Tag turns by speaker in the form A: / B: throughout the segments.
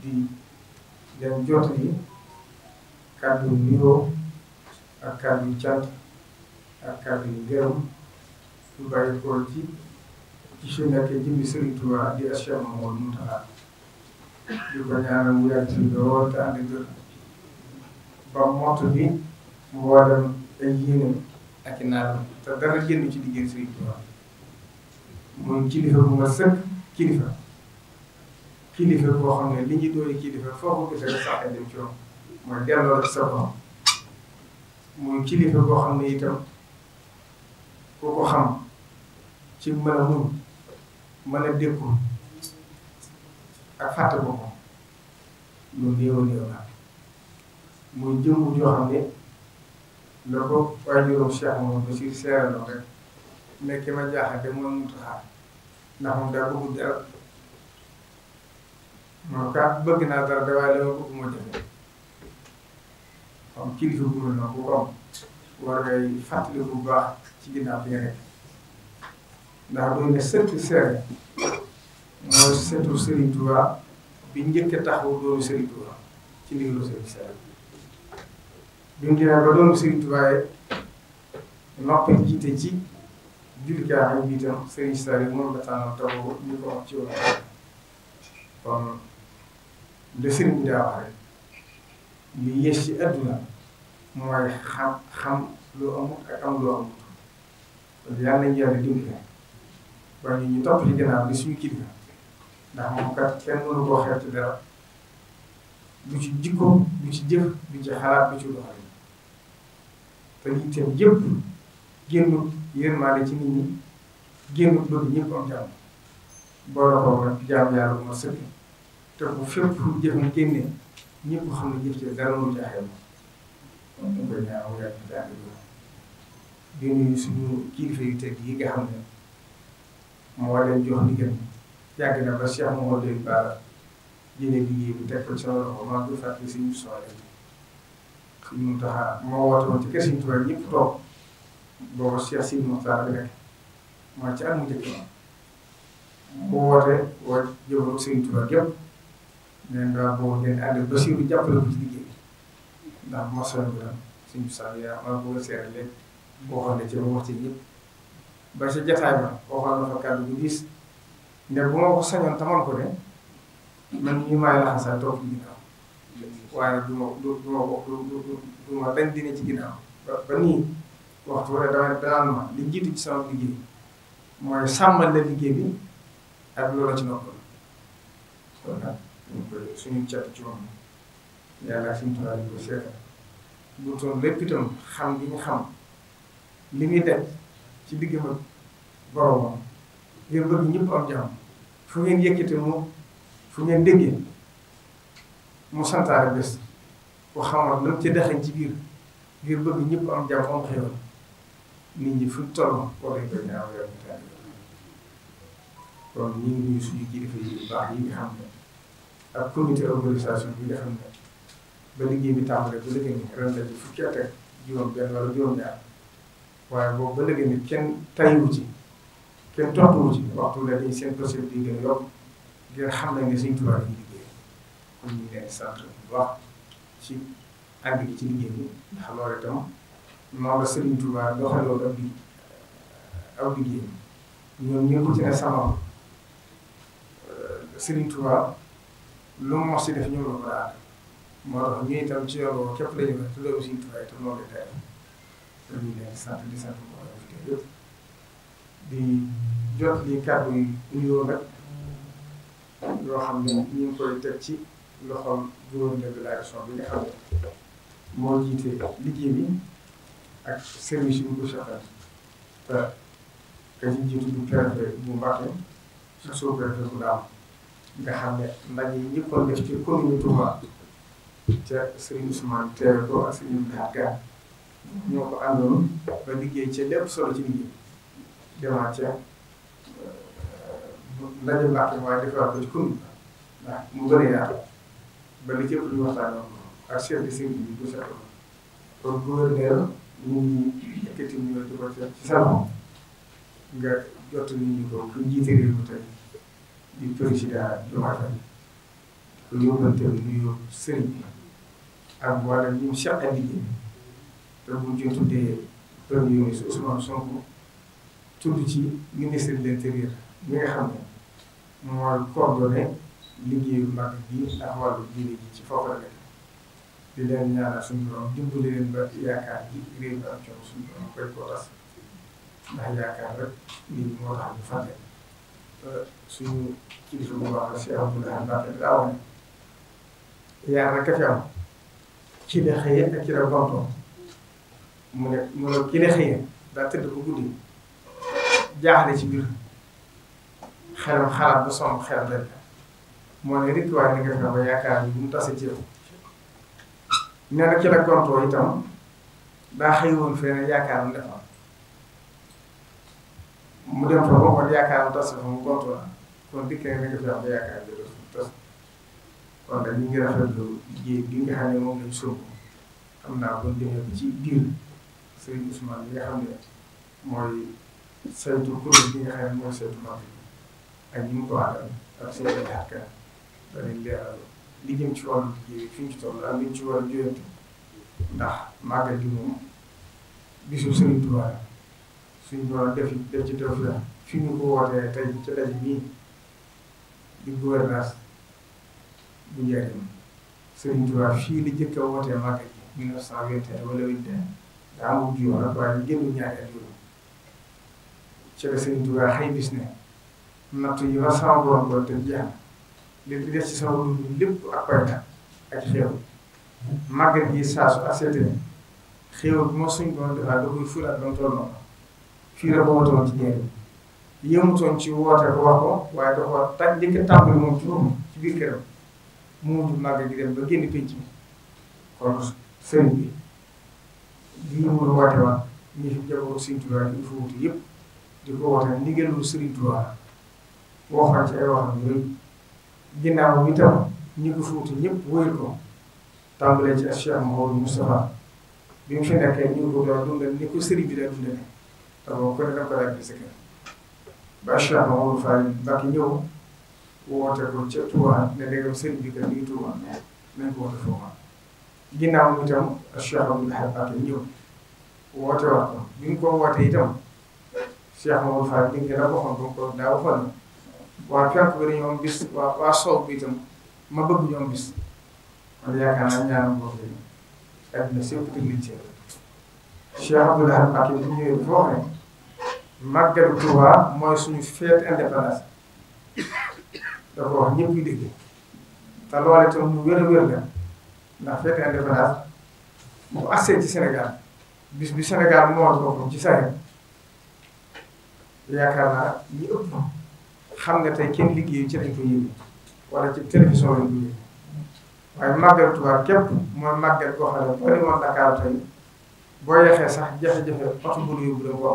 A: di dem jot yi kàddu nuyoo ak kàddu cant ak kàddu ngërëm yu bàyyi ko ci ci su nekkee jëmmi Sëriñ Tuubaa di Cheikh Mouhamadou Mountakha di ko ñaanal mu yàgg ci lool te ànd gër ba mott bi mu waral ay yéenam ak i naaram te dara génn ci diggéen Sëriñ Tuubaa moom kilifa bu ma sëkk kilifa kilifa boo xam ne li ñu doon kilifa foo ko gisee rek sax dem ci moom mooy delloo rek sa borom mooy xam ne itam ku ko xam ci mën a mun mën a dékku ak fàtte boppam lu néew néew la muy jëmbu joo xam ne la ko waajuróom Cheikh moom ba si seeraloo rek mais ma jaaxal de moom mu taxaar ndax moom daa a kat bëgg naa dara de waaye dama bëgg moo jafe kon kilifa bu mel noonu bu am war ngay fàttali bu baax ci ginnaaw bi nga nekk ndax buñ ne sëtu seere mooy sëtu Serigne Touba bi njëkk a taxawu doomu Serigne Touba ci ndigalu Serigne Seere bi mu demee ba doomu Serigne Touba yi noppi jiite ci jullikaay bi itam Serigne Seere moom la tànn taxawu ñu ko wax ci woon kon. le sëriñ bi daa wax rek li yées ci adduna mooy xam xam loo amut ak am loo amut kon yàlla nañu yàlla dimbali ba ñu ñu topp ci gannaaw bi suñu kilifa ndax moom kat kenn mënu koo xeeb ci dara du ci jikko du ci jëf du ci xalaat du ci doxalin te yitteem yëpp génnut yërmaale ci nit ñi génnut bëgg ñëpp am jàmm boole ko jaam yàlla bu ma sëkk. te bu fépp jëfam génnee ñëpp xam ne jëf ci dara mu jaaxee ma ñu koy ñaan mu yàgg ci daal di nuyu suñu kilifa yu tedd yi nga xam ne moo leen jox ndigal yàgg na ba Cheikh Mamadou Diop Baara jële liggéey bu teg ko ci loxo maa ngi koy fàttali suñu soxla suñu taxa moo woote woon ci kër Sëriñ Tuubaa ñëpp toog booba Cheikh Sidi Moxtaar bi nekk moo ci mu njëkk ma mu woote woo jëmale Sëriñ Tuubaa yëpp neen daal boobu ngeen ànd ba siiru jàppale ko ci liggéey ndax bu ma soxla dara suñu saa a seetal lépp waxoon na ci ma ba ci jataay ba waxoon na fa kàddu bu diis ne bu ma ko sañoon man ñu may laxasaa toog ci ginnaaw waaye du ma du ci ginnaaw ci sama liggéey mooy sàmmal la liggéey bi ak loola ci noppal kon suñu cat ci moom yàlla suñu tubaab yi ko seetal bu toon lépp itam xam gi ñu xam li muy def ci diggam ak boromam ngir bëgg ñëpp am jàmm fu ngeen ci dexañ ci biir ngir bëgg ñëpp am jàmm am nit ñi fu toll war nañ koy ñaaw yow ñu kon ñu ngi nuyu suñu kilifa yi baax yi nga xam ne ak comité organisation bi nga xam ne ba liggéey bi tàmbalee ba léegi nii ren dañuy fukki at ak juróom-benn wala juróom-ñaar waaye boobu ba léegi nii kenn tayiwu ci kenn toppuwu ci waxtu bi dañuy seen procédure bi liggéey kon ñu loolu itam noonu la Serigne Touba doxaloon ab bi ab liggéey ñoom ñëpp ci ne sama Serigne Touba. lu mu def ñëw la ko daal ñu itam ci yoon boobu képp la ñu te loolu suñu tubaab te loolu lay def ñu leen sant di sant bu di yëpp di jot li kàddu yi nuyoo yoo xam ne ñu koy teg ci loxoom gouverneur de la région bi nga xam ne moo jiite liggéey bi ak service yu ñu ko soxal te ka ñu jiitu du préfet bu Mbacké sa sous bu Ndam nga xam ne ndaje yi ñu ko def ci commune Touba ca Serigne Ousmane teewe ko ak Serigne Dakar ñoo ko àndoon ba liggéey ca lépp solo ci liggéey demaat ca ndaje euh, Mbàkke waaye defar ko ci commune ndax mu bëri yaatu ba li cëpp lu waxtaanoo ak chef de service bi bu seetlu kon gouverneur ñu ngi yëkkati ñu di ko ci salon nga jot nit ñi ko ku jiite réew mi tey di président Diomaye Faye di yóbbanteel nuyoo sëriñ bi ak wala ñu seq ak liggéey te bu ñu tuddee premier ministre Ousmane Sonko tudd ci ministre de l'intérieur mi nga xam ne mooy coordonné liggéeyu mag bi ndax wàllu diine ji ci foofu la nekk di leen ñaanal suñu borom dimbali leen ba yaakaar ji réew mi ak coono suñu borom koy ko ras ndax yaakaar rek nit ñi moo tax ñu fàtte suñu kilifa bu baax la Cheikh Abdoulaye Mbacké daaw ne yaa nag ka fi am ci la xëyee ak ci la gontoo mu ne mu ne ki la xëyee daa tëdd ko guddi jaaxle ci biir xelam xalaat ba sonn xel rek moo ne rek waaye ni nga fexe ba yaakaar ni mu tase ci yow nee na ci la gontoo itam daa xëy woon feneen yaakaar mu defoon mu dem fa boo ko yaakaaram tas fa mu gontu la kon dikkee na nga fi am yaakaar bi dootul tas kon nag ñu ngi rafetlu liggéey bi nga xam ne moom lañ sóobu xam naa buñ demee ci biir Serigne Ousmane bi nga xam ne mooy saytu kuréel bi nga xam ne mooy saytu mag ak ñi mu ko àndal ak seen i xarka dañuy leeral li jëm ci wàllu liggéey fi ñu ci toll ak li ñu ci war a jooyante ndax màggal gi moom bisu Serigne Touba suñu borom def def ci def la fi ñu ko wootee tey ci daj bii di gouvernance bu njëriñ Sëriñ Tuubaa fii la jëkk a wootee màgg ji 1921 wala 21 daa amul jiw nag waaye génn ñaari at yooyu ci la Sëriñ Tuubaa xëy bis ne natt yi ma sama borom doon te jeex na li di des ci sama dund lépp ak payta ak xew màgg ji saa su aseetee xew bi moo suñ borom defaa da koy fulaat ba mu toll noonu fii la boobatoon ci njëriñ yëmutoon ci woote ko ko waaye dafa taj njëkk tàmbali moom ci ci biir këram mu mujj màgg gi dem ba génn pénc kon sëriñ bi lii mu woote waat ñi fi jaboot Sëriñ Tuubaa ñu fa wuute di ko woote ndigalul Sëriñ Tuubaa waxoon ci ay waxam yooyu ginnaaw bi tam ñi ko fa wuute ñëpp wóyul ko tàmbalee ci Cheikh Mouhamadou Moustapha bi mu fi nekkee ñu ko doon dundal ni sëriñ bi daa dundale te moom ku ne da nga ko laaj bi sa kër ba Cheikh Mamadou Fall Mbacké ñëw woote ko ca Touba ne léegi sëriñ bi kat mi ngi Touba nañ ko woote foofa ginnaaw mi itam Cheikh Abdoul Ahad Mbacké ñëw woote waat ko bi ñu ko wootee itam Cheikh Mamadou Fall li nga la waxoon ba mu ko daa na waa fekk bi dañoo am bis waa waa soow bi itam ma bëgg ñoom bis man yaakaar naa ñaanam boobu adduna sépp tëg liñ ci Cheikh Abdoul Ahad Mbacké bu ñëwee dafa wax ne màggalu Touba mooy suñu fête indépendance dafa wax ñëpp ñu dégg te loolu itam lu wér wér la ndax fête indépendance bu agsee ci Sénégal bis bi Sénégal moo boppam ci saa yaakaar naa ñu xam nga tey kenn liggéeyu ci lañ ko yëngu wala ci télévision lañ ko yëngu waaye màggalu Touba képp mooy màggal koo xam ne boo demoon Dakar boo yaxee sax jafe-jafe oto bu yóbbu la ko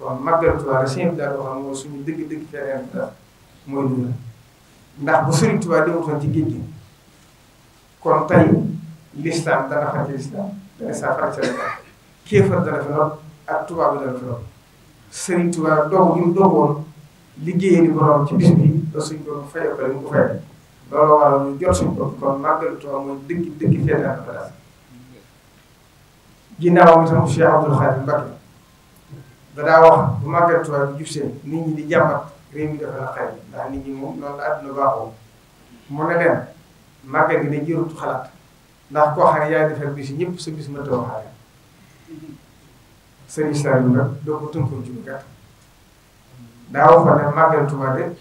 A: am kon màggal Tuubaa rek seen daal waxam mooy suñu dëgg-dëgg terrain bi daal mooy lii la ndax bu Sëriñ Tuubaa demutoon ci géej gi kon tey lislaam dana fàtte lislaam dana saa fàtte la kéefar dana fi lool ak tubaab bi dana fi lool Sëriñ Tuubaa doog ñu doogoon liggéeyee ni borom ci bis bi ba suñ ko fayoo ko mu ko fayal looloo waral ñu jot suñu bopp kon màggal Tuubaa mooy dëgg dëgg ginnaawam sama Cheikh Abdoul Khadim Mbacké danaa wax bu màggal Tuubaa nit ñi di jàmbat réew mi dafa na xëy ndax nit ñi moom loolu la àdduna baaxoo mu ne leen màggal gi ne jërut ma tëw xaale daa wax ne màggal Tuubaa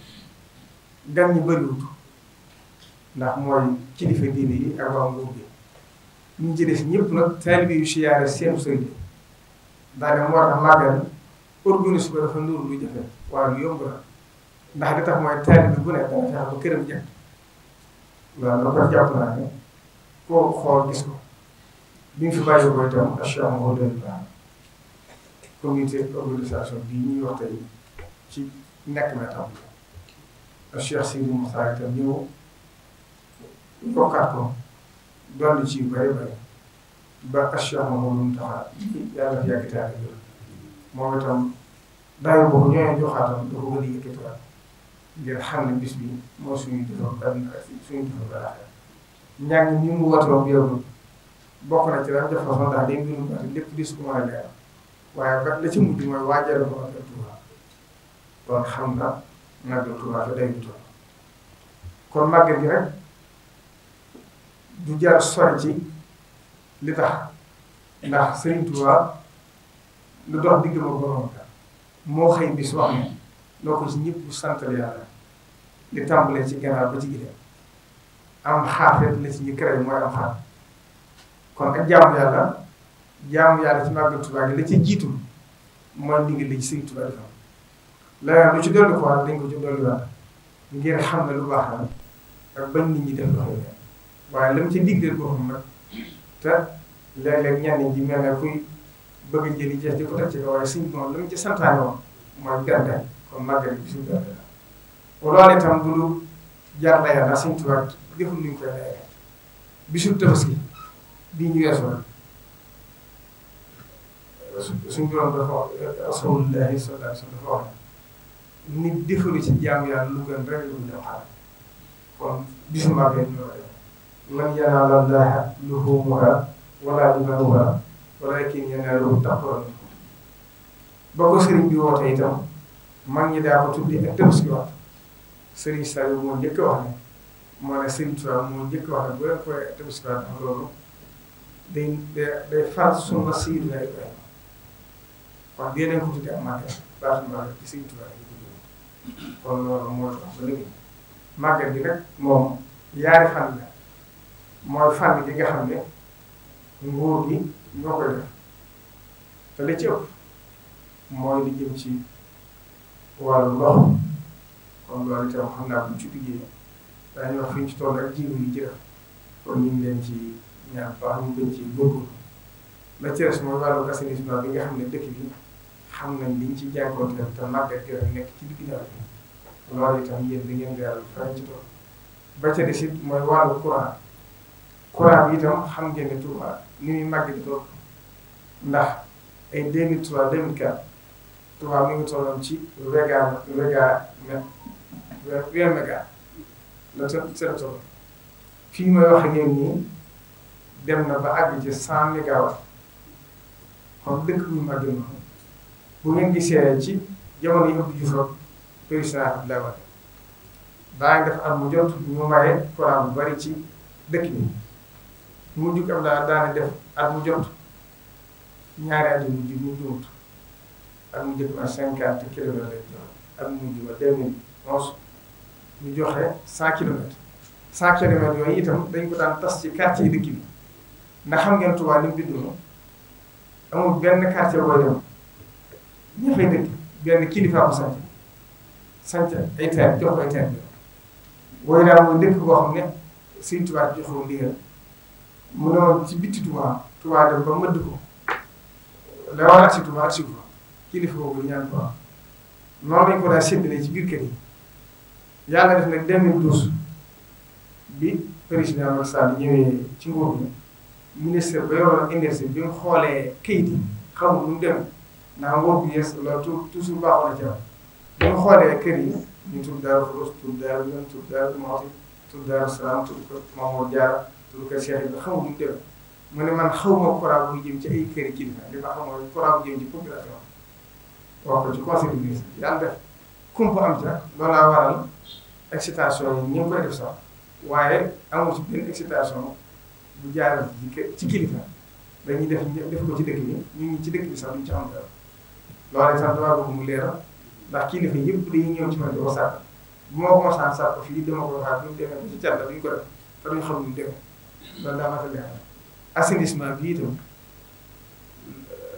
A: ñu ci des ñëpp nag taalibe yu siyaare seen sëriñ bi daanaka moo tax màggal organise ko dafa nuru lu jafe waaye yomb na ndax li tax mooy taalibe bu nekk dana fexe ba këram jàpp waaw loolu ko jàpp naa ne koo xool gis ko bi ñu fi bàyyi ko itam association moo doon baax comité organisation bi ñuy wax tey ci nekk na tam Cheikh Sidi Moussa itam ñëw bokkaat ko dolli ci yu bëri bëri ba assur moom taxa yàlla fi yàgg taal bi moom itam daaw boobu ñooñu joxaatoon dafa gën a yëkkatiwaat ngir xam ne bis bi moo suñu defar àdduna ak suñu defar àllaaxira mu woote woon yow bokk na ci la jox façon ndax day mbirum baax di su ko mën a leeral waaye ba la ci mujj mooy waajal ko ak Tuuba kon xam na nag Tuuba te day kon màggal gi rek. du jar a sori ci li tax ndax Serigne Touba lu dox digg ma borom ka moo xëy bis wax ne loo ko ci ñëpp santal yàlla li tàmbalee ci gannaaw ba ci am xaafet la yàlla jaamu yàlla ci màggal Touba gi la ci jiitu mooy ndigal li ci Serigne Touba defam la lu ci dolli ko wax dañ ko ci dolli ngir xam ne lu baax la ak bañ nit ñi def loxo waaye lam ci liggéeyal boppam nag te léeg ko teg ci kaw waaye suñ moom lam ci santaane woon mooy gàncax kon màggal bi la. loolu itam bu dul jaar la yàlla suñ tubaab deful nuñ koy layee bisu tabaski bii ñu weesu nag suñ borom dafa wax rasulullahi sallallahu alayhi wasallam dafa wax nit defalu ci jaamu yàlla lu gën rek lu ñu dem lan yanaala llaaha luhuumuhaa wala dimaahuhaa walaakin yanaaluhu taqwaa minkum ba ko sëriñ bi woote itam mag ñi daa ko tuddee ak tabaski waxtu sëriñ Saliou moo njëkk wax ne moo ne sëriñ Tuubaa moo njëkk wax ne bu leen koy tabaski waxtu am loolu day day day faral sunu Sayyidinaa Ibrahima kon dee nañ ko tuddee ak màggal baatu màggal ci sëriñ Tuubaa kon loolu moo tax ba léegi màggal gi nag moom yaari fan la. mooy fànn gi nga xam ne nguur gi ñoo koy def te li ci ëpp mooy li jëm ci wàllu ndox kon loolu itam xam naa buñ ci liggéey daañu wax fi ñu ci toll ak jiw yi jëf kon ñu ngi leen ci ñaan baax ñu gën ci góorgóorlu la ci des mooy wàllu assainissement bi nga xam ne dëkk bi xam nañ liñ ci jànkuwanteel te màggat gi nekk ci digg nawet bi loolu itam yéen da ngeen di yàlla faral ci toll ba ca des it mooy wàllu courant. courant bi itam xam ngeen ne ni muy màgg di ko ndax ay 2003 2004 Touba mi ngi tolloon ci méga méga weer méga la te toll fii may wax ak nii dem na ba àgg ci 100 mégawatt kon dëkk bu màgg noonu bu ngeen gisee ci jamono yi ëpp Juuf ak président Abdoulaye Wade daa ngi def at mu jot ñu maye courant bu bari ci dëkk bi. mu jug ab laa daane def at mu jot ñaari at yu mujj mu juut at mu jëkk ma cinquante kilomètres lay joxe at mu mujj ma deux mille onze ñu joxe cent kilomètres cent kilomètres yooyu itam dañ ko daan tas ci quartier yi dëkk bi ndax xam ngeen Tuubaa ni mu bindoo amul benn quartier booy dem ña fay dëkk benn kilifa bu sant sant ay terre jox ko ay terre bi booy daal mooy dëkk boo xam ne Sëriñ Tuubaa joxoo ndigal mu ne woon ci bitti Touba Touba dem ba mëdd ko la war a si Touba si kilifa boobu ñaan ko am daa séddalee ci biir kër yi yàlla nag 2012 bi président Macky Sall ñëwee ci nguur bi ministère ba yoroon énergie bi mu xoolee kayit yi xamul nu mu demee naa nguur bi yees la toujours baaxoon na ci am bi mu xoolee kër yi ñu tur Daaru Xudoos tur Daaru Minaam tur Daaru Muxti tur Daaru Salaam tur lu ko Cheikh Ibrahima xaw ma dem mu man xaw ma courant ci ay kër yi kilifa li ma xam mooy courant bu jëm ci population wax ko ci conseil des ministres yàlla def kumpa am ca loolaa waral excitation yi ñu ngi ci benn excitation bu jaaral def ko ci dëkk bi ñu ngi ci dëkk bi sax duñ ci am dara loolu mu leeral ndax kilifa yëpp dañuy ñëw ci man di ko sàkk bu ma ko mosaan sàkk fii dama ko waxaat bu ñu demee ba ci càll duñ ko def te duñ xam lu ñu loolu daa mat a leer assainissement bi itam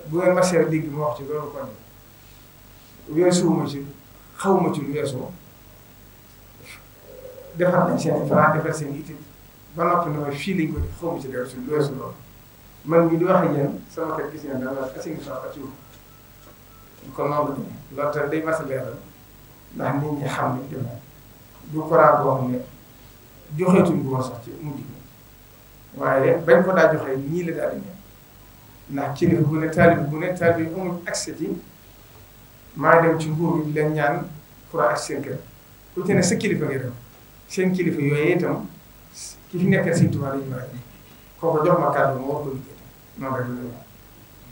A: bu ngeen marché dégg ma wax ci loolu kon weesuwuma ci ci lu weesoo i i itam ba ne ma fii lañ ci lu weesu loolu man mii di wax ak yéen sama kër gis ngeen daal assainissement ak ci kon noonu la loolu tamit day ma a leeral ndax nit ñi xam ne def du ko raad boo xam ne joxeetuñ ko woon sax ci waaye bañ ko daa joxee nii la daal di ñëw ndax kilifa bu ne taalib bu ne taalib bu amul accès ci maa dem ci nguur gi leen ñaan pour ak seen kër ku ci ne sa kilifa nga dem seen kilifa yooyu itam ki fi nekkal si tubaab yi ñu war a ji kooku jox ma kàddu moo ko liggéey noonu rek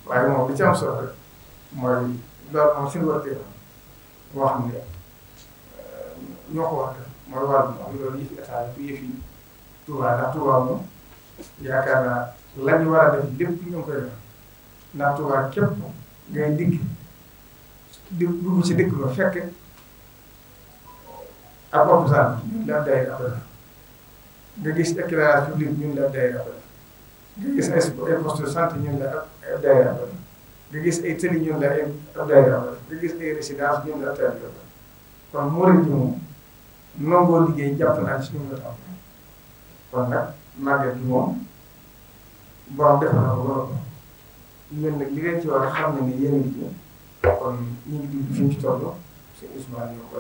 A: la ñu waaye moom li ci am solo rek mooy loolu moom seen wàllu débat boo xam ne euh, ñoo ko wax rek mooy wàllu am loolu yëfi état bi yëfi tubaab ndax tubaab moom. yaakaar naa la ñu war a def lépp ñu ngi koy def ndax Tuubaa képp ngay dikk di dugg ci dëkk ba fekk ab hôpital ñun la day abal nga gis éclairage public ñun la day abal nga gis ay poste de santé ñun la day abal nga gis ay tëli ñun la day abal nga gis ay résidence ñun la day abal kon moo leen ñu moom nangoo liggéey jàpp naa ci suñu la am kon nag màggal gi moom borom defal na ko borom yéen nag li ci war a xam ne ni yéen a ngi ci kon ñu ci toll sëñ Ousmane ñoo ko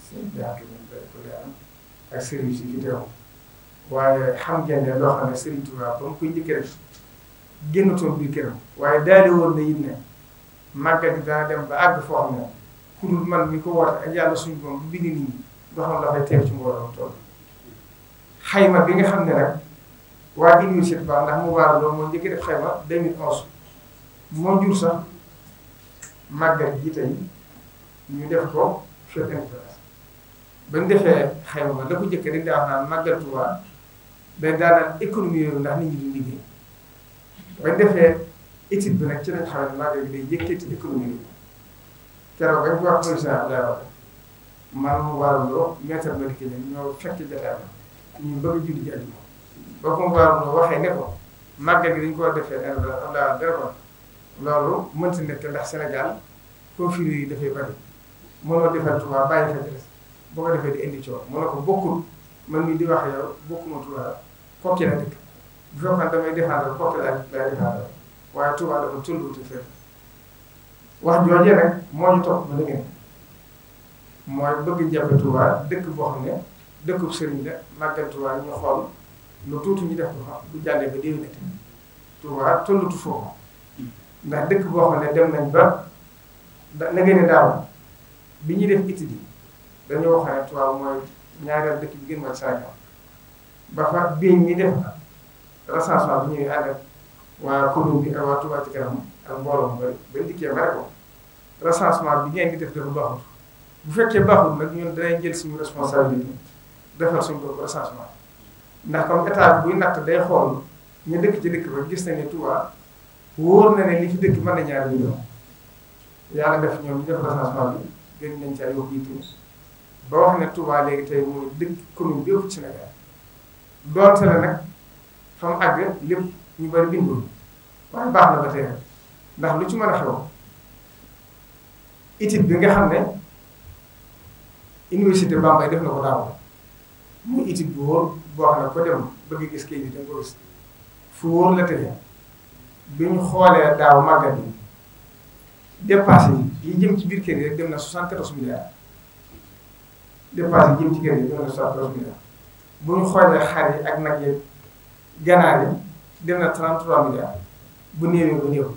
A: sëñ ko ngeen loo xam ne sëriñ Touba ba waaye daal di woon na it ne màggal gi dana dem ba àgg foo ne ku man mi ko woote ak yàlla suñu borom bu bind nit ñi doo xam dafay teew ci mbooloo toll xayma bi nga xam ne nag. waa jël yu sit ba ndax mu baara loolu moo njëkk def xayma 2011 moo jur sax màggal ji tey def ko fête indépendance ba njëkk dañ daa wax naan màggal Tuubaa day daanaan économie yooyu ndax nit ñi duñ liggéey ba defee étude bi nag ci lañ xam ne màggal bi day yëkkati économie yooyu keroog rek wax président Abdoulaye Wade man mu baara loolu maître Madické Niang ñoo fekk jotaay ñu bëgg julli ji àjjuma ba ko waroon waxee ne ko màggal gi dañu ko defee ren la loolu mënti ne te ndax Sénégal conflits yi dafay bari mënoo defal Touba bàyyi fa des ko defee di indi coow mënoo ko bokkul man mii di wax yow bokkuma Touba Koki la dëkk bu fekkoon damay défendre Koki laa laa défendre waaye Touba dafa tolluwut a fekk wax joojee nag moo ñu topp ba léegi mooy bëgg jàppe Touba dëkk boo xam ne dëkkub sëriñ la màggal Touba ñu lu tuuti ñu def ko fa bu jàllee ba déwénati Touba tollatu foofu ndax dëkk boo xam ne dem nañ ba da na ngeen ne daaw bi ñuy def étude yi dañoo wax ne Touba dëkk bi gën mooy Sénégal ba fa biñ ñi def recensement bi ñuy ànd ak waa commune bi ak waa Touba ci kanam ak mbooloo mu dikkee ma ko recensement bi ngeen di def dafa baaxul bu fekkee baaxul nag ñun danañ jël suñu responsabilité defal suñu bopp ndax comme état buy natt day xool ñu dëkk ci dëkk ba gis nañ ne Touba wóor na ne li ci dëkk mën na ñaari million yàlla def ñoom ñu def recensement bi gën ba wax ne Touba léegi tey mooy dëkk commune bi yëpp ci Sénégal doonte la nag fa àgg lépp ñu bari bindul waaye baax na ba tey ndax lu ci mën a xew étude bi nga xam ne université Bambey def na ko daaw muy étude bu wóor boo xam ne ko dem bëgg gis kii bi da ko gis fu la tëddee bi ñu xoolee daaw màggal yi dépassé yi yi jëm ci biir kër yi dem na 74 milliards dépassé yi jëm ci kër yi dem na 74 milliards bu ñu xoolee xar yi ak nag yi ganaar yi dem na 33 milliards bu néewee bu néew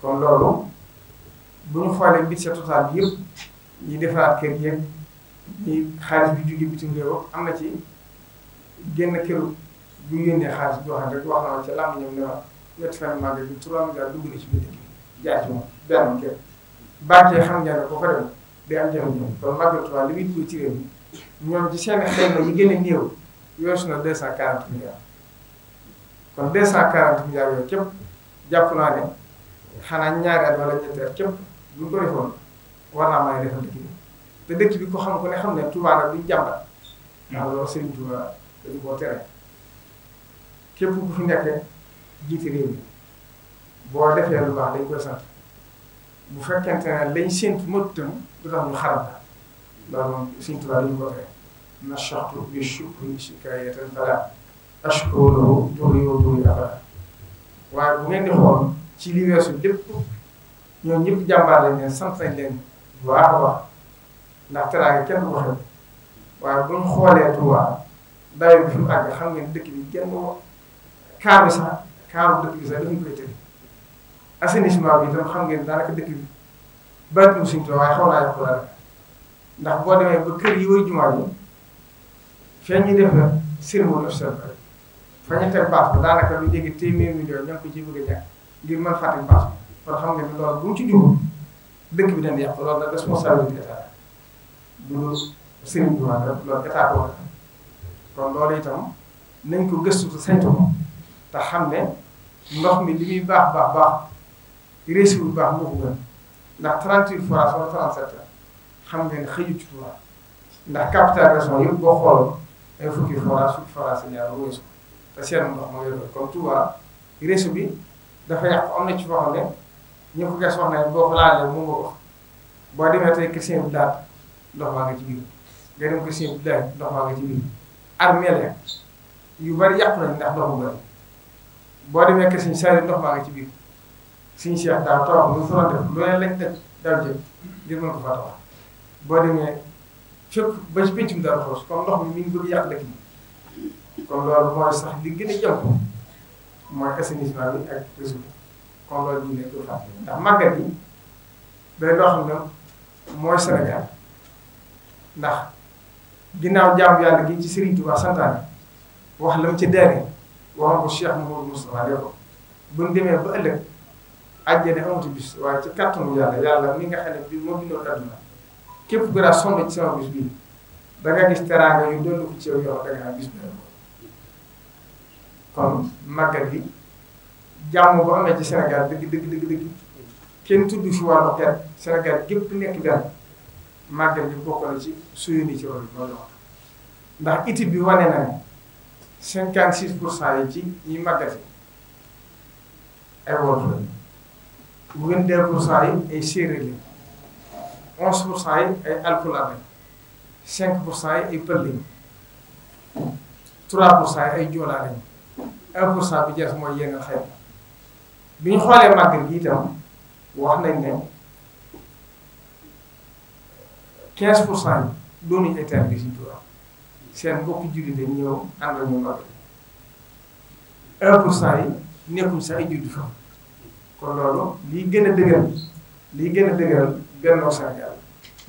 A: kon loolu bu ñu xoolee budget total bi yëpp ñu defaat kër yëpp. ñi xaalis bi jóge bitim réew am na ci génn këru bu ñu yónnee xaalis bi wax rek wax na ci làmb ñoom ne ma ñetti fan màgg bi trois milliards na ci biir dëkk bi jaar ci moom benn kër banque xam ngeen ne boo dem day am jafe-jafe kon màggal Tuubaa li muy dugg ci réew mi ñoom ci seen xayma yi gën a néew yooyu na deux cent quarante milliards kon deux cent quarante yooyu képp jàpp naa ne xanaa ñaari at wala ñetti at képp bu ko defoon war naa mën a defal dëkk bi te dëkk bi ko xam ko ne xam ne Touba nag duñ jàmbat ndax hmm. loolu Serigne Touba dañu koo tere képp ku fi nekk jiite réew mi boo defee lu baax dañ koy sant bu fekkente ne lañ séntu mot tam du tax ñu xaram la loolu moom Serigne Touba dañu koo tere na soxtu bi shukri shikaayatan fala ashkuru duri yoo duri abada waaye bu ngeen di xool ci li lépp ñoom ñëpp jàmbaar lañ leen leen bu baax a ndax teraanga kenn du ko xeeb waaye bu ñu xoolee Touba dayoo bi fi mu àgg xam ngeen dëkk bi kenn kaaru sax kaaru dëkk bi sax dañu koy tëj assainissement bi itam xam ngeen daanaka dëkk bi bëriwul suñu tool waaye xaw naa yokk la ndax boo demee ba kër yi wër jumaa yi feeñ ñu def la sermon observatoire fa ñu teg baax ba daanaka lu jege téeméer million ñoo ko a ñàkk ngir mën kon xam ngeen loolu bu mu ci jublu dëkk bi dañ yàq loolu la responsabilité état loolu sëriñ bi wax dëgg loolu état bi wax kon loolu itam nañ ko gëstu te saytu ko te xam ne ndox mi li muy baax baax baax réussir bu baax moo ko gën ndax 38 forages wala 37 xam ngeen xëyut ci Tuuba ndax capital région yëpp boo xool ay fukki forage fukki forage yi ñaar wëyeesu te seen ndox moo yore kon Tuuba réseau bi dafa yàqu am na ci foo xam ne ñu ko gas wax ne boo ko laalee moom moo ko boo demee tey question bi daal. ndox maa nga ci biir nga dem ko sëñ bi daal ndox maa nga ci biir armeel yu bari yàqu nañ ndax ndox mu bari boo demee que suñ sari ndox maa nga ci biir suñ seex daaw tawax lu soxla def lu leen lañ def daaw jël ngir mën ko faa tawax boo demee fépp ba ci péncum dara xoos comme ndox mi mi ngi bëgg yàq dëkk bi comme loolu mooy sax li gën a jàpp mooy assainissement bi ak réseau bi comme loolu ñu nekk ko fàtte ndax màggal yi day loo xam mooy Sénégal ndax ginnaaw jaamu yàlla gi ci Serigne Touba santaane wax la mu ci deere waxoon ko Cheikh Mouhamadou Moustapha yow bu ñu demee ba ëllëg àjjana amatu bis waaye ci kàttanu yàlla yàlla mi nga xam ne bii moo bindoon adduna képp ku daa ci sama bis bii da nga gis teraanga yu doon ko ci yow yoo xam bis bi kon màggal gi jàmm bu amee ci Sénégal dëgg dëgg dëgg kenn tudd fi wàllu xeet Sénégal gépp nekk benn. màggal bi bokk na ci suyu ni ci loolu loolu ndax étude bi wane na ne cinquante six pour cent yi ci ñi màggal ay wolof la vingt deux pour cent yi ay séeréer lañ onze pour cent yi ay alpulaar lañ cinq pour cent yi ay pël lañ trois pour cent yi ay joolaa lañ un pour cent bi jeex mooy yenn xeet bi ñu xoolee màggal gi itam wax nañ ne 15 pour cent doonuñu ay taalibe Sëriñ Tuubaa seen mbokku jullit dañ ñëw àndal ñu nodd 1 pour cent yi nekkuñ sax ay fa kon loolu liy gën a dëgëral li gën a dëgëral bennoo Sénégal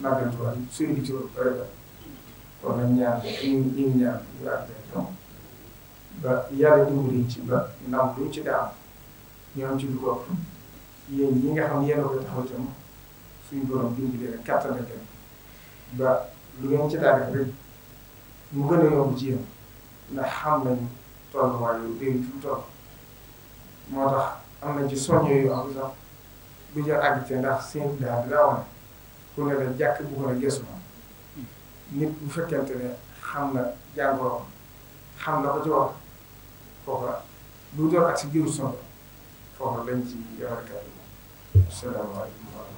A: màggal Tuubaa suy di ci woon bëri kon nag ñaar ñu ñu ñaar ñu ànd ba yàlla dimbali ci ba ndam luñ ci daa ñoo ci lu ko yéen ñi nga xam yéen a ko taxaw itam suñu borom dimbali rek kàttan ak ba lu ngeen ci taarix rek mu gën a yomb ci yéen ndax xam nañu tolluwaay yu bëri fi mu toll moo tax am na ci soñño yu am sax bu jël àggite ndax seen daal bi laa wane ku ne la jàkk bu ko bu fekkente ne xam na jàngoro xam na ko ci wax foofu la du door ak si biiru sonko foofu lañ ci yore kàddu asalaamaaleykum wa